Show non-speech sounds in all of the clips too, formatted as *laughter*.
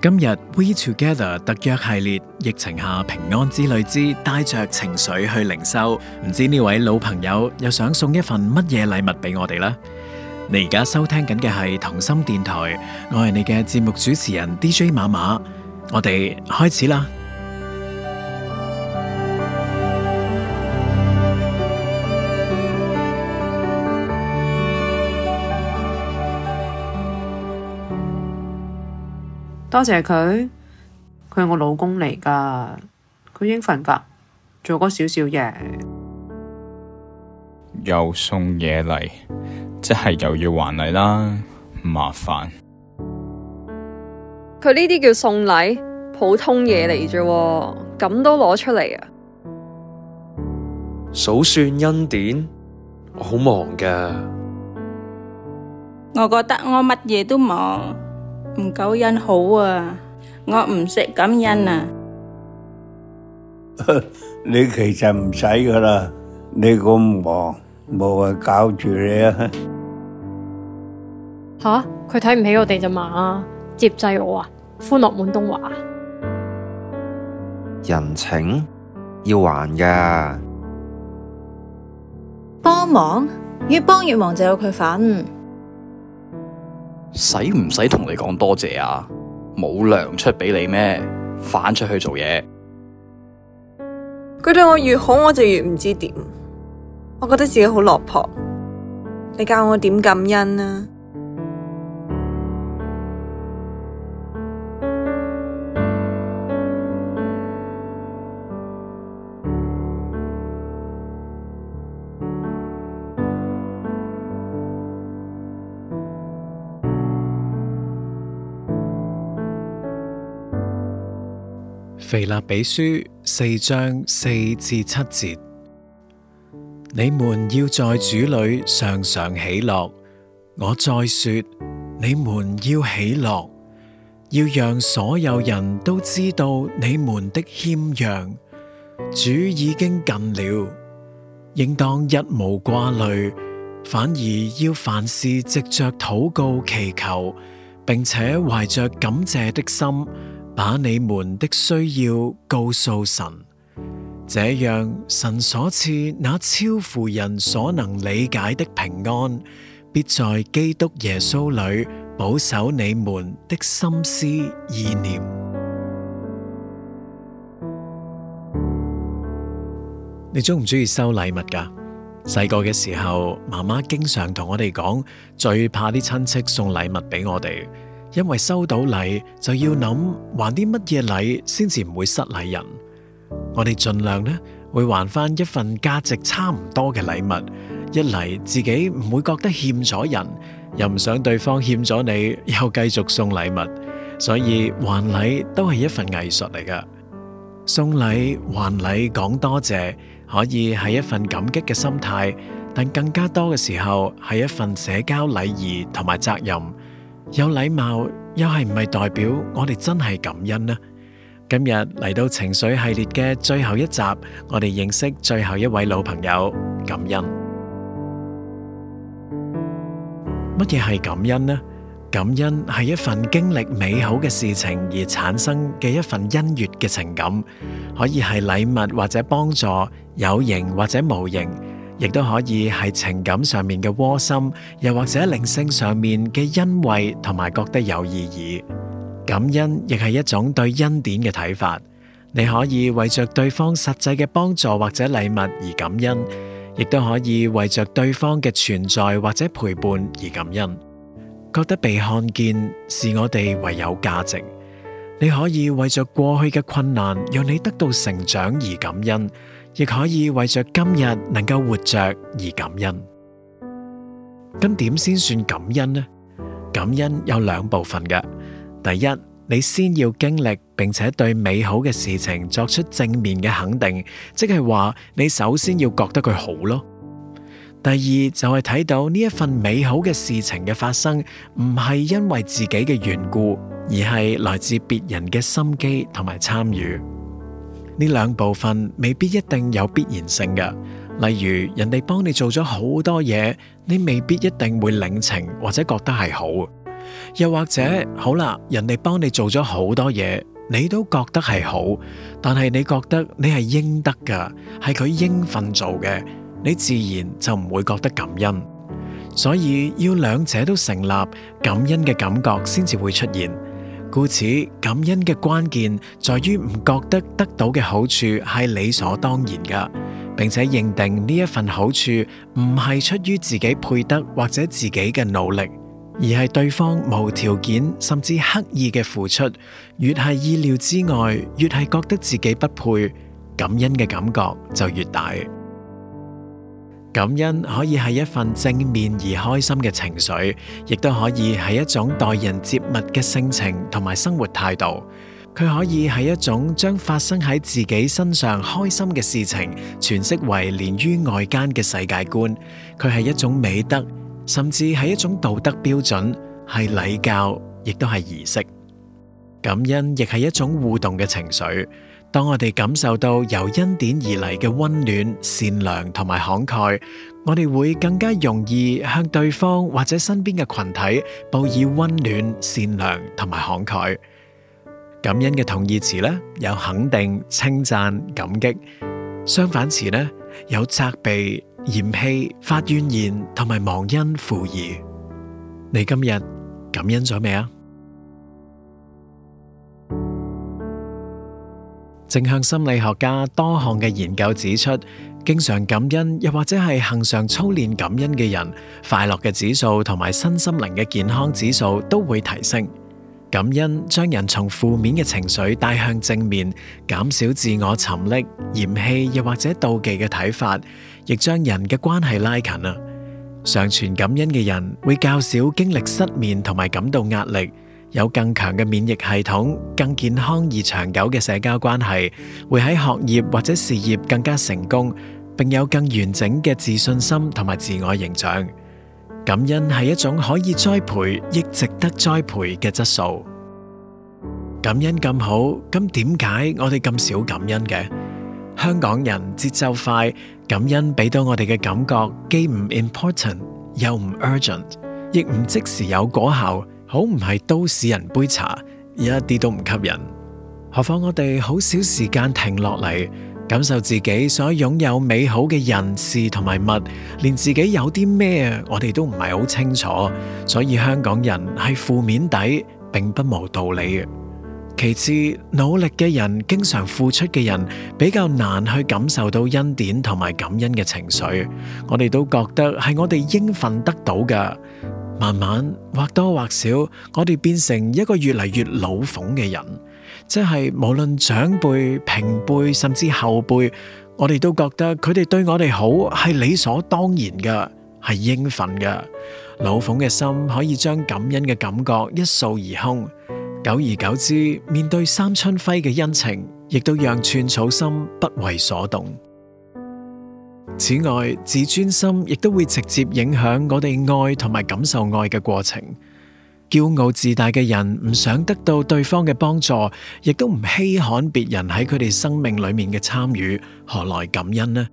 今日 We Together 特約系列，疫情下平安之旅之帶着情緒去靈修，唔知呢位老朋友又想送一份乜嘢禮物俾我哋呢？你而家收聽緊嘅係同心電台，我係你嘅節目主持人 DJ 馬馬，我哋開始啦。多謝佢，佢係我老公嚟噶，佢應份噶，做過少少嘢。又送嘢嚟，即係又要還嚟啦，麻煩。佢呢啲叫送禮，普通嘢嚟啫，咁、嗯、都攞出嚟啊？數算恩典，我好忙噶。我覺得我乜嘢都忙。嗯唔感恩好啊！我唔識感恩啊！ *laughs* 你其實唔使噶啦，你咁忙，冇話搞住你啊！吓、啊，佢睇唔起我哋咋嘛？接濟我啊！歡樂滿東華，啊，人情要還噶，幫忙越幫越忙就有佢份。使唔使同你講多謝啊？冇糧出畀你咩？返出去做嘢。佢對我越好，我就越唔知點。我覺得自己好落魄。你教我點感恩啊？腓立比書四章四至七節，你們要在主裏常常喜樂。我再說，你們要喜樂，要讓所有人都知道你們的謙讓。主已經近了，應當一無掛慮，反而要凡事藉着禱告祈求，並且懷着感謝的心。把你們的需要告訴神，這樣神所賜那超乎人所能理解的平安，必在基督耶穌裏保守你們的心思意念。 *noise* 你鍾唔鍾意收禮物噶？細個嘅時候，媽媽經常同我哋講，最怕啲親戚送禮物俾我哋。因為收到禮就要諗還啲乜嘢禮先至唔會失禮人，我哋盡量呢會還返一份價值差唔多嘅禮物，一嚟自己唔會覺得欠咗人，又唔想對方欠咗你又繼續送禮物，所以還禮都係一份藝術嚟㗎。送禮還禮講多謝可以係一份感激嘅心態，但更加多嘅時候係一份社交禮儀同埋責任。有禮貌又係唔係代表我哋真係感恩呢？今日嚟到情緒系列嘅最後一集，我哋認識最後一位老朋友感恩。乜嘢係感恩呢？感恩係一份經歷美好嘅事情而產生嘅一份欣悅嘅情感，可以係禮物或者幫助，有形或者無形。亦都可以係情感上面嘅窩心，又或者靈性上面嘅欣慰同埋覺得有意義。感恩亦係一種對恩典嘅睇法。你可以為着對方實際嘅幫助或者禮物而感恩，亦都可以為着對方嘅存在或者陪伴而感恩。覺得被看見是我哋唯有價值。你可以為着過去嘅困難讓你得到成長而感恩。亦可以為着今日能夠活着而感恩。咁點先算感恩呢？感恩有兩部分嘅，第一，你先要經歷並且對美好嘅事情作出正面嘅肯定，即係話你首先要覺得佢好咯。第二就係睇到呢一份美好嘅事情嘅發生，唔係因為自己嘅緣故，而係來自別人嘅心機同埋參與。呢兩部分未必一定有必然性嘅，例如人哋幫你做咗好多嘢，你未必一定會領情或者覺得係好；又或者好啦，人哋幫你做咗好多嘢，你都覺得係好，但係你覺得你係應得㗎，係佢應份做嘅，你自然就唔會覺得感恩。所以要兩者都成立，感恩嘅感覺先至會出現。故此，感恩嘅關鍵在於唔覺得得到嘅好處係理所當然噶，並且認定呢一份好處唔係出於自己配得或者自己嘅努力，而係對方無條件甚至刻意嘅付出。越係意料之外，越係覺得自己不配，感恩嘅感覺就越大。感恩可以係一份正面而開心嘅情緒，亦都可以係一種待人接物嘅性情同埋生活態度。佢可以係一種將發生喺自己身上開心嘅事情詮釋為連於外間嘅世界觀。佢係一種美德，甚至係一種道德標準，係禮教，亦都係儀式。感恩亦係一種互動嘅情緒。當我哋感受到由恩典而嚟嘅溫暖、善良同埋慷慨，我哋會更加容易向對方或者身邊嘅群體報以溫暖、善良同埋慷慨。感恩嘅同義詞呢，有肯定、稱讚、感激；相反詞呢，有責備、嫌棄、發怨言同埋忘恩負義。你今日感恩咗未啊？正向心理學家多項嘅研究指出，經常感恩又或者係恒常操練感恩嘅人，快樂嘅指數同埋身心靈嘅健康指數都會提升。感恩將人從負面嘅情緒帶向正面，減少自我沉溺、嫌棄又或者妒忌嘅睇法，亦將人嘅關係拉近啊！常存感恩嘅人會較少經歷失眠同埋感到壓力。有更強嘅免疫系統、更健康而長久嘅社交關係，會喺學業或者事業更加成功，並有更完整嘅自信心同埋自我形象。感恩係一種可以栽培，亦值得栽培嘅質素。感恩咁好，咁點解我哋咁少感恩嘅？香港人節奏快，感恩俾到我哋嘅感覺既唔 important，又唔 urgent，亦唔即時有果效。好唔係都市人杯茶，一啲都唔吸引。何況我哋好少時間停落嚟，感受自己所擁有美好嘅人事同埋物，連自己有啲咩，我哋都唔係好清楚。所以香港人係負面底，並不無道理。其次，努力嘅人，經常付出嘅人，比較難去感受到恩典同埋感恩嘅情緒。我哋都覺得係我哋應份得到㗎。慢慢或多或少，我哋變成一個越嚟越老奉嘅人，即係無論長輩、平輩甚至後輩，我哋都覺得佢哋對我哋好係理所當然嘅，係應份嘅。老奉嘅心可以將感恩嘅感覺一掃而空，久而久之，面對三春暉嘅恩情，亦都讓寸草心不為所動。此外，自尊心亦都會直接影響我哋愛同埋感受愛嘅過程。驕傲自大嘅人唔想得到對方嘅幫助，亦都唔稀罕別人喺佢哋生命裏面嘅參與，何來感恩呢？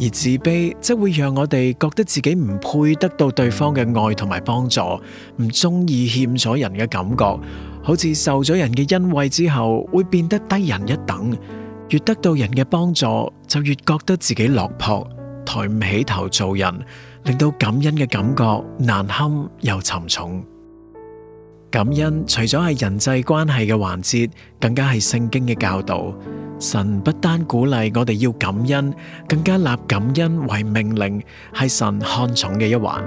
而自卑則會讓我哋覺得自己唔配得到對方嘅愛同埋幫助，唔中意欠咗人嘅感覺，好似受咗人嘅恩惠之後會變得低人一等。越得到人嘅幫助，就越覺得自己落魄，抬唔起頭做人，令到感恩嘅感覺難堪又沉重。感恩除咗係人際關係嘅環節，更加係聖經嘅教導。神不單鼓勵我哋要感恩，更加立感恩為命令，係神看重嘅一環。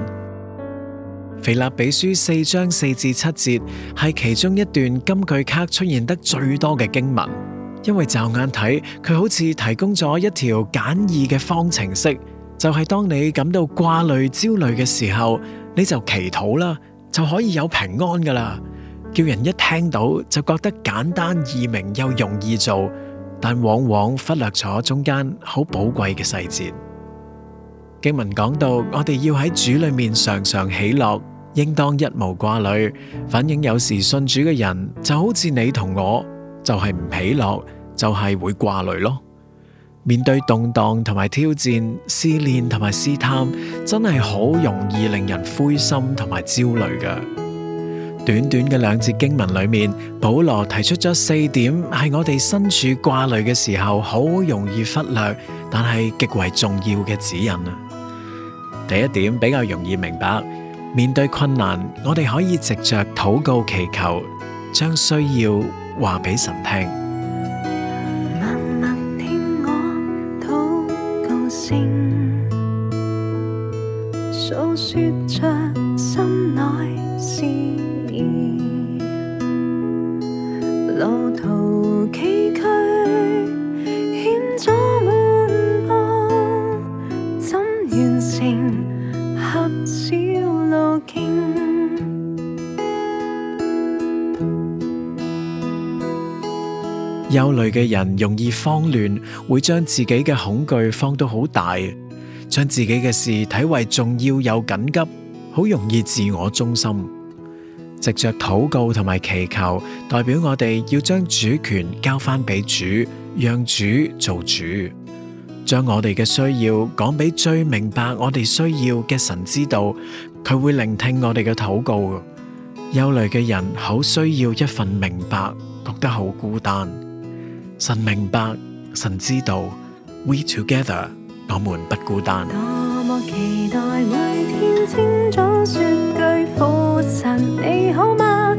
腓立比書四章四至七節係其中一段金句卡出現得最多嘅經文。因為驟眼睇，佢好似提供咗一條簡易嘅方程式，就係當你感到掛慮、焦慮嘅時候，你就祈禱啦，就可以有平安噶啦。叫人一聽到就覺得簡單易明又容易做，但往往忽略咗中間好寶貴嘅細節。經文講到，我哋要喺主裏面常常喜樂，應當一無掛慮。反映有時信主嘅人就好似你同我。就係唔喜樂，就係、是、會掛慮咯。面對動盪同埋挑戰、試煉同埋試探，真係好容易令人灰心同埋焦慮嘅。短短嘅兩節經文裏面，保羅提出咗四點，係我哋身處掛慮嘅時候好容易忽略，但係極為重要嘅指引啊。第一點比較容易明白，面對困難，我哋可以藉着禱告祈求，將需要。話俾神聽。嘅人容易慌亂，會將自己嘅恐懼放到好大，將自己嘅事睇為重要又緊急，好容易自我中心。藉着禱告同埋祈求，代表我哋要將主權交翻俾主，讓主做主，將我哋嘅需要講俾最明白我哋需要嘅神知道，佢會聆聽我哋嘅禱告。憂慮嘅人好需要一份明白，覺得好孤單。神明白，神知道，We together，我們不孤單。多麼期待每天清早說句父神祢好嗎？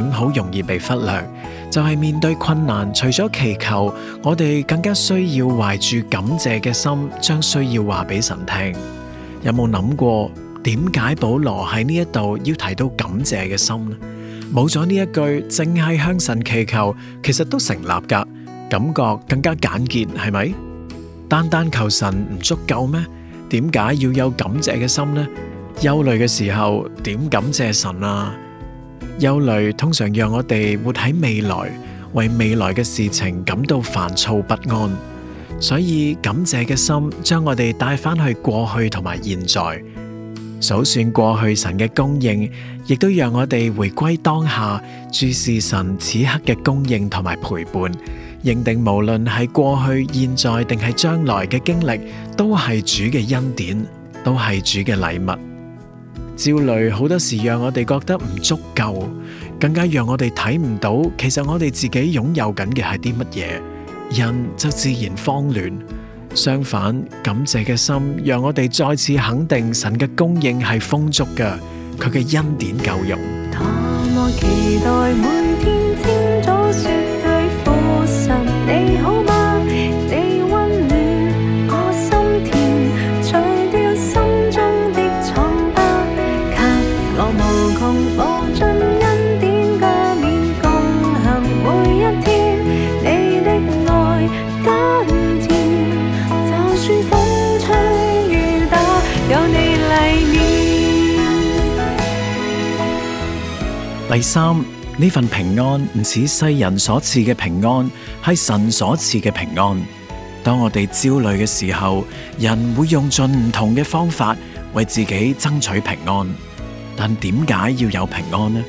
點好容易被忽略，就係面對困難，除咗祈求，我哋更加需要懷住感謝嘅心，將需要話俾神聽。有冇諗過點解保羅喺呢一度要提到感謝嘅心呢？冇咗呢一句，淨係向神祈求，其實都成立噶，感覺更加簡潔，係咪？單單求神唔足夠咩？點解要有感謝嘅心呢？憂慮嘅時候點感謝神啊？憂慮通常讓我哋活喺未來，為未來嘅事情感到煩躁不安。所以感謝嘅心將我哋帶返去過去同埋現在，數算過去神嘅供應，亦都讓我哋回歸當下，注視神此刻嘅供應同埋陪伴，認定無論係過去、現在定係將來嘅經歷，都係主嘅恩典，都係主嘅禮物。焦慮好多時讓我哋覺得唔足夠，更加讓我哋睇唔到，其實我哋自己擁有緊嘅係啲乜嘢。人就自然慌亂，相反，感謝嘅心讓我哋再次肯定神嘅供應係豐足嘅，佢嘅恩典夠用。三，呢份平安唔似世人所賜嘅平安，係神所賜嘅平安。當我哋焦慮嘅時候，人會用盡唔同嘅方法為自己爭取平安。但點解要有平安呢？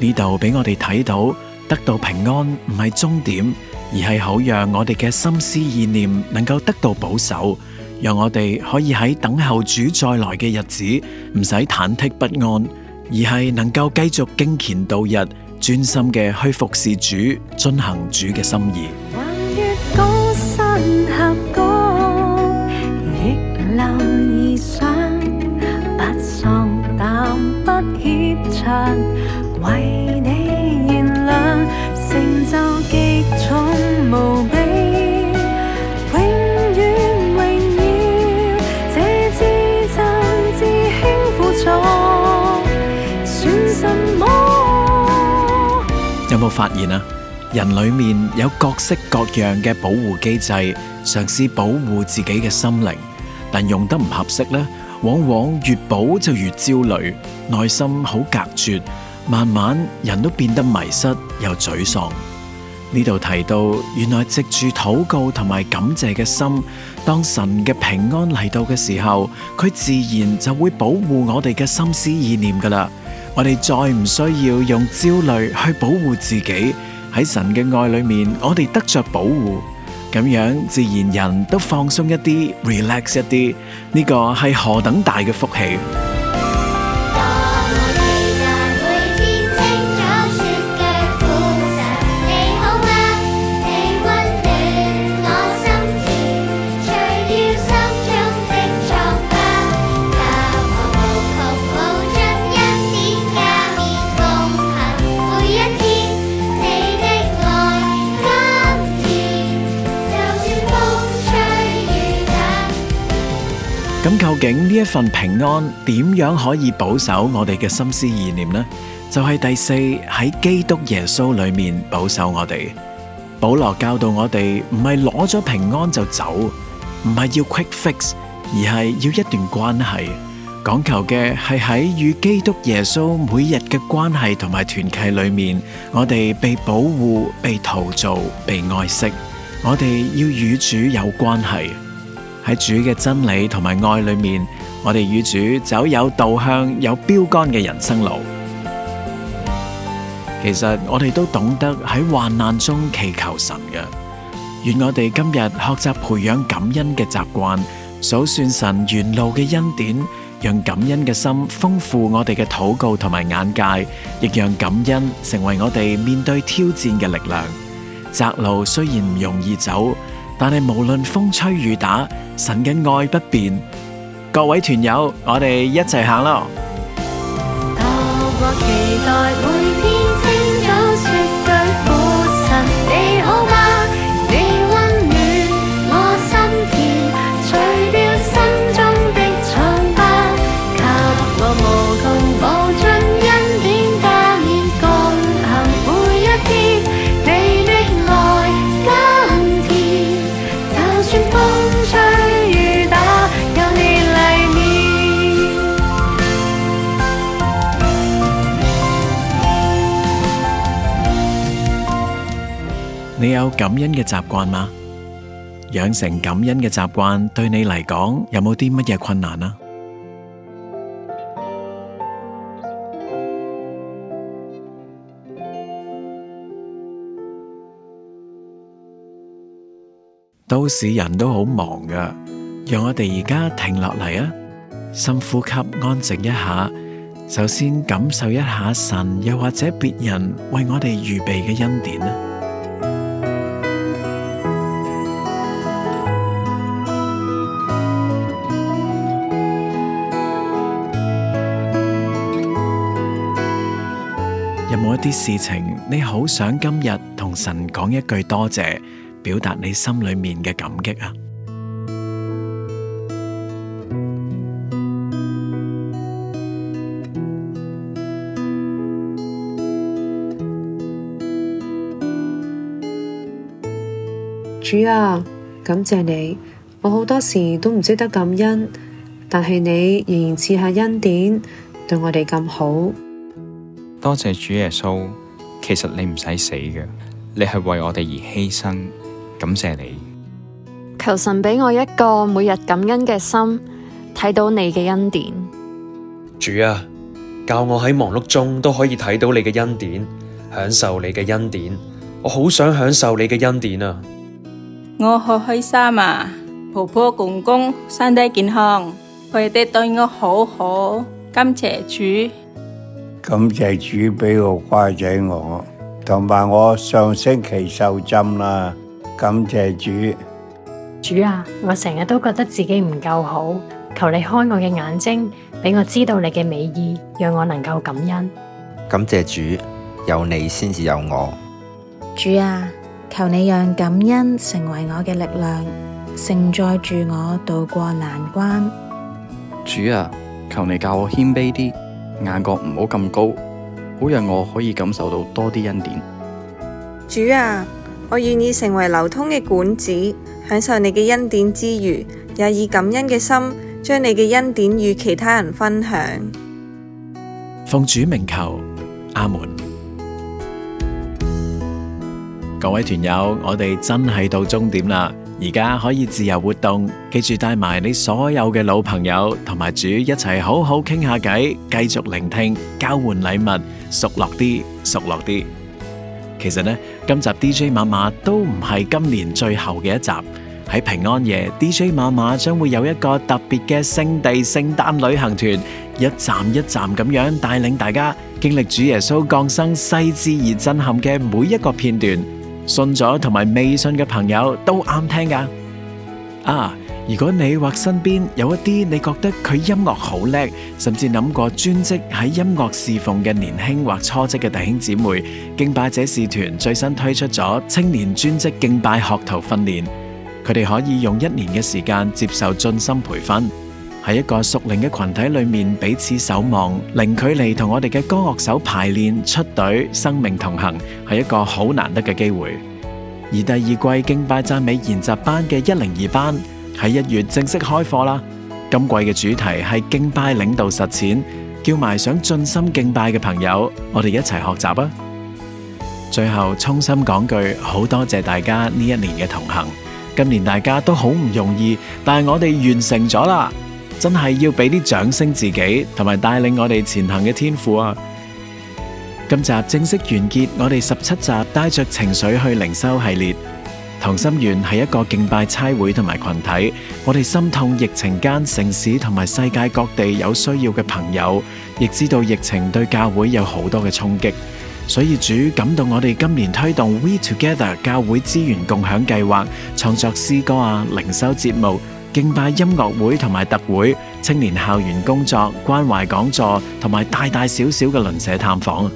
呢度俾我哋睇到，得到平安唔係終點，而係好讓我哋嘅心思意念能夠得到保守，讓我哋可以喺等候主再來嘅日子，唔使忐忑不安。而係能夠繼續敬虔度日，專心嘅去服侍主，遵行主嘅心意。橫越高山峽谷，逆流而上，不喪膽，不我發現啊，人裏面有各式各樣嘅保護機制，嘗試保護自己嘅心靈，但用得唔合適呢，往往越保就越焦慮，內心好隔絕，慢慢人都變得迷失又沮喪。呢度提到，原來藉住禱告同埋感謝嘅心，當神嘅平安嚟到嘅時候，佢自然就會保護我哋嘅心思意念㗎喇。我哋再唔需要用焦慮去保護自己，喺神嘅愛裏面，我哋得着保護，咁樣自然人都放鬆一啲，relax 一啲，呢、這個係何等大嘅福氣。咁究竟呢一份平安點樣可以保守我哋嘅心思意念呢？就係第四，喺基督耶穌裏面保守我哋。保羅教導我哋唔係攞咗平安就走，唔係要 quick fix，而係要一段關係。講求嘅係喺與基督耶穌每日嘅關係同埋團契裏面，我哋被保護、被陶造、被愛惜。我哋要與主有關係。喺主嘅真理同埋愛裏面，我哋與主走有導向、有標杆嘅人生路。其實我哋都懂得喺患難中祈求神嘅。願我哋今日學習培養感恩嘅習慣，數算神沿路嘅恩典，讓感恩嘅心豐富我哋嘅禱告同埋眼界，亦讓感恩成為我哋面對挑戰嘅力量。窄路雖然唔容易走。但係無論風吹雨打，神嘅愛不變。各位團友，我哋一齊行咯。 *music* 你有感恩嘅習慣嗎？養成感恩嘅習慣對你嚟講有冇啲乜嘢困難啊？ *music* 都市人都好忙㗎，讓我哋而家停落嚟啊，深呼吸，安靜一下。首先感受一下神，又或者別人為我哋預備嘅恩典啊。啲事情，你好想今日同神講一句多謝，表達你心裏面嘅感激啊！主啊，感謝你，我好多時都唔識得感恩，但係你仍然賜下恩典，對我哋咁好。多謝主耶穌，其實你唔使死嘅，你係為我哋而犧牲，感謝你。求神俾我一個每日感恩嘅心，睇到你嘅恩典。主啊，教我喺忙碌中都可以睇到你嘅恩典，享受你嘅恩典。我好想享受你嘅恩典啊！我好開心啊！婆婆公公身體健康，佢哋對我好好，感謝主。感謝主俾個乖仔我，同埋我上星期受浸啦，感謝主。主啊，我成日都覺得自己唔夠好，求你開我嘅眼睛，俾我知道你嘅美意，讓我能夠感恩。感謝主，有你先至有我。主啊，求你讓感恩成為我嘅力量，盛載住我度過難關。主啊，求你教我謙卑啲。眼角唔好咁高，好讓我可以感受到多啲恩典。主啊，我願意成為流通嘅管子，享受你嘅恩典之餘，也以感恩嘅心將你嘅恩典與其他人分享。奉主名求，阿門。各位團友，我哋真係到終點啦！而家可以自由活動，記住帶埋你所有嘅老朋友同埋主一齊，好好傾下偈，繼續聆聽，交換禮物，熟絡啲，熟絡啲。其實呢，今集 DJ 馬馬都唔係今年最後嘅一集，喺平安夜，DJ 馬馬將會有一個特別嘅聖地聖誕旅行團，一站一站咁樣帶領大家經歷主耶穌降生細緻而震撼嘅每一個片段。信咗同埋未信嘅朋友都啱聽噶啊！Ah, 如果你或身邊有一啲你覺得佢音樂好叻，甚至諗過專職喺音樂侍奉嘅年輕或初職嘅弟兄姊妹，敬拜者使團最新推出咗青年專職敬拜學徒訓練，佢哋可以用一年嘅時間接受進深培訓。喺一個屬靈嘅群體裏面彼此守望，零距離同我哋嘅歌樂手排練出隊，生命同行係一個好難得嘅機會。而第二季敬拜讚美研習班嘅一零二班喺一月正式開課啦。今季嘅主題係敬拜領導實踐，叫埋想盡心敬拜嘅朋友，我哋一齊學習啊！最後衷心講句，好多謝大家呢一年嘅同行。今年大家都好唔容易，但係我哋完成咗啦。真係要俾啲掌聲自己，同埋帶領我哋前行嘅天賦啊！今集正式完結，我哋十七集帶着情緒去靈修系列。同心圓係一個敬拜差會同埋群體，我哋心痛疫情間城市同埋世界各地有需要嘅朋友，亦知道疫情對教會有好多嘅衝擊，所以主感動我哋今年推動 We Together 教會資源共享計劃，創作詩歌啊，靈修節目。敬拜音樂會同埋特會、青年校園工作、關懷講座同埋大大小小嘅鄰舍探訪，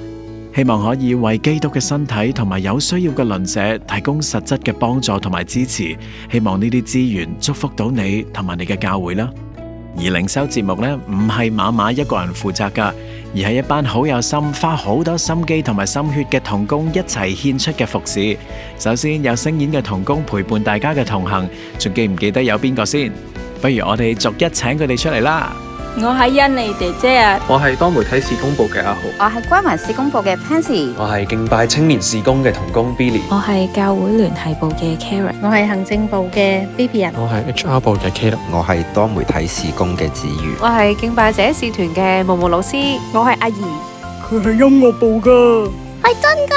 希望可以為基督嘅身體同埋有需要嘅鄰舍提供實質嘅幫助同埋支持。希望呢啲資源祝福到你同埋你嘅教會啦。而靈修節目呢，唔係馬馬一個人負責噶。而係一班好有心、花好多心機同埋心血嘅同工一齊獻出嘅服侍。首先有聲演嘅同工陪伴大家嘅同行，仲記唔記得有邊個先？不如我哋逐一請佢哋出嚟啦。我係欣妮姐姐啊！我係多媒體事工部嘅阿豪。我係關懷事工部嘅 Pansy。我係敬拜青年事工嘅同工 Billy。我係教會聯繫部嘅 Karen。我係行政部嘅 Baby 人。我係 HR 部嘅 Kilo。我係多媒體事工嘅子瑜。我係敬拜者使團嘅毛毛老師。我係阿怡。佢係音樂部㗎。係真噶！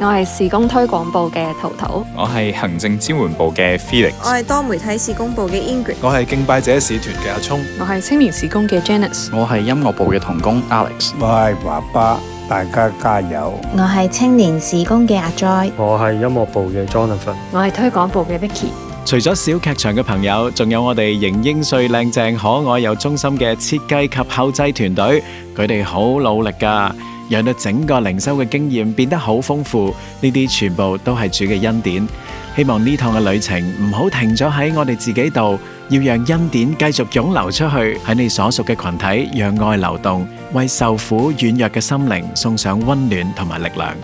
我係事工推廣部嘅桃桃，我係行政支援部嘅 Felix，我係多媒體事工部嘅 Ingrid，我係敬拜者使團嘅阿聰，我係青年事工嘅 Janice，我係音樂部嘅同工 Alex，我係爸爸，大家加油！我係青年事工嘅阿 Joy，我係音樂部嘅 Jonathan，我係推廣部嘅 Vicky。除咗小劇場嘅朋友，仲有我哋型英帥、靚正、可愛又忠心嘅設計及後製團隊，佢哋好努力噶。讓到整個靈修嘅經驗變得好豐富，呢啲全部都係主嘅恩典。希望呢趟嘅旅程唔好停咗喺我哋自己度，要讓恩典繼續湧流出去，喺你所屬嘅群體，讓愛流動，為受苦軟弱嘅心靈送上溫暖同埋力量。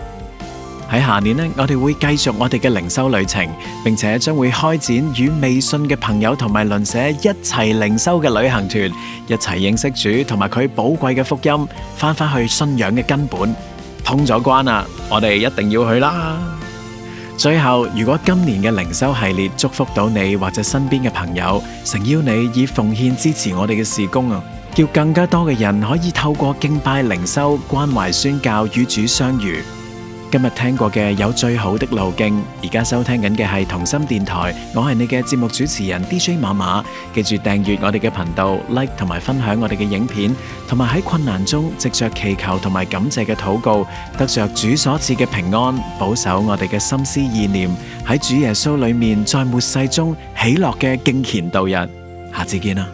喺下年咧，我哋會繼續我哋嘅靈修旅程，並且將會開展與微信嘅朋友同埋鄰舍一齊靈修嘅旅行團，一齊認識主同埋佢寶貴嘅福音，返返去信仰嘅根本。通咗關啦，我哋一定要去啦！最後，如果今年嘅靈修系列祝福到你或者身邊嘅朋友，誠邀你以奉獻支持我哋嘅事工啊，叫更加多嘅人可以透過敬拜靈修、關懷宣教與主相遇。今日聽過嘅有最好的路徑，而家收聽緊嘅係同心電台，我係你嘅節目主持人 DJ 馬馬。記住訂閱我哋嘅頻道，like 同埋分享我哋嘅影片，同埋喺困難中藉着祈求同埋感謝嘅禱告，得着主所賜嘅平安，保守我哋嘅心思意念喺主耶穌裏面，在末世中喜樂嘅敬虔度日。下次見啦！